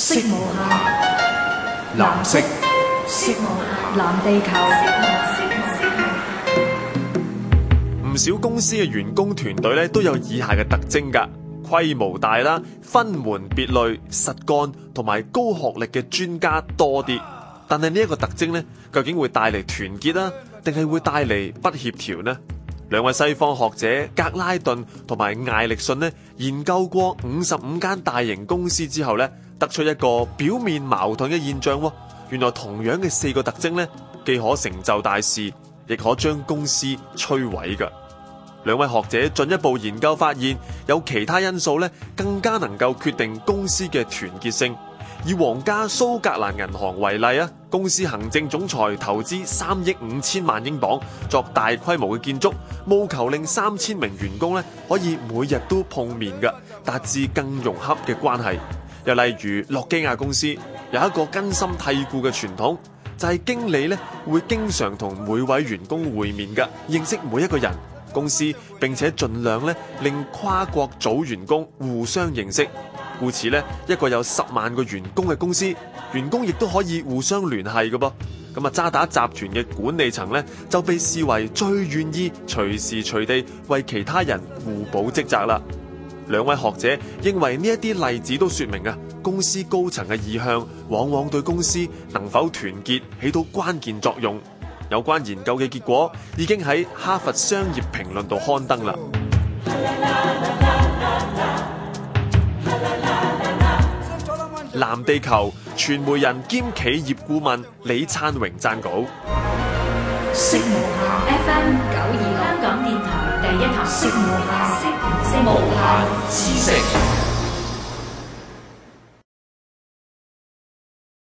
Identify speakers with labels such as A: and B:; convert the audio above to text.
A: 色無限，藍色，色無限，色無限，藍地球。唔少公司嘅員工團隊咧都有以下嘅特徵噶：規模大啦，分門別類，實幹同埋高學歷嘅專家多啲。但係呢一個特徵咧，究竟會帶嚟團結呀，定係會帶嚟不協調呢？兩位西方學者格拉頓同埋艾力遜咧，研究過五十五間大型公司之後咧，得出一個表面矛盾嘅現象，哦，原來同樣嘅四個特徵呢，既可成就大事，亦可將公司摧毀噶。兩位學者進一步研究發現，有其他因素呢，更加能夠決定公司嘅團結性。以皇家蘇格蘭銀行為例啊，公司行政總裁投資三億五千萬英鎊作大規模嘅建築，務求令三千名員工呢，可以每日都碰面噶，達至更融洽嘅關係。又例如諾基亞公司有一個根深蒂固嘅傳統，就係經理咧會經常同每位員工會面嘅，認識每一個人公司，並且盡量咧令跨國組員工互相認識。故此咧，一個有十萬個員工嘅公司，員工亦都可以互相聯繫嘅噃。咁啊，渣打集團嘅管理層咧就被視為最願意隨時隨地為其他人互補職責啦。兩位學者認為呢一啲例子都說明啊。公司高層嘅意向，往往對公司能否團結起到關鍵作用。有關研究嘅結果，已經喺哈佛商業評論度刊登啦。藍地球傳媒人兼企業顧問李燦榮撰稿。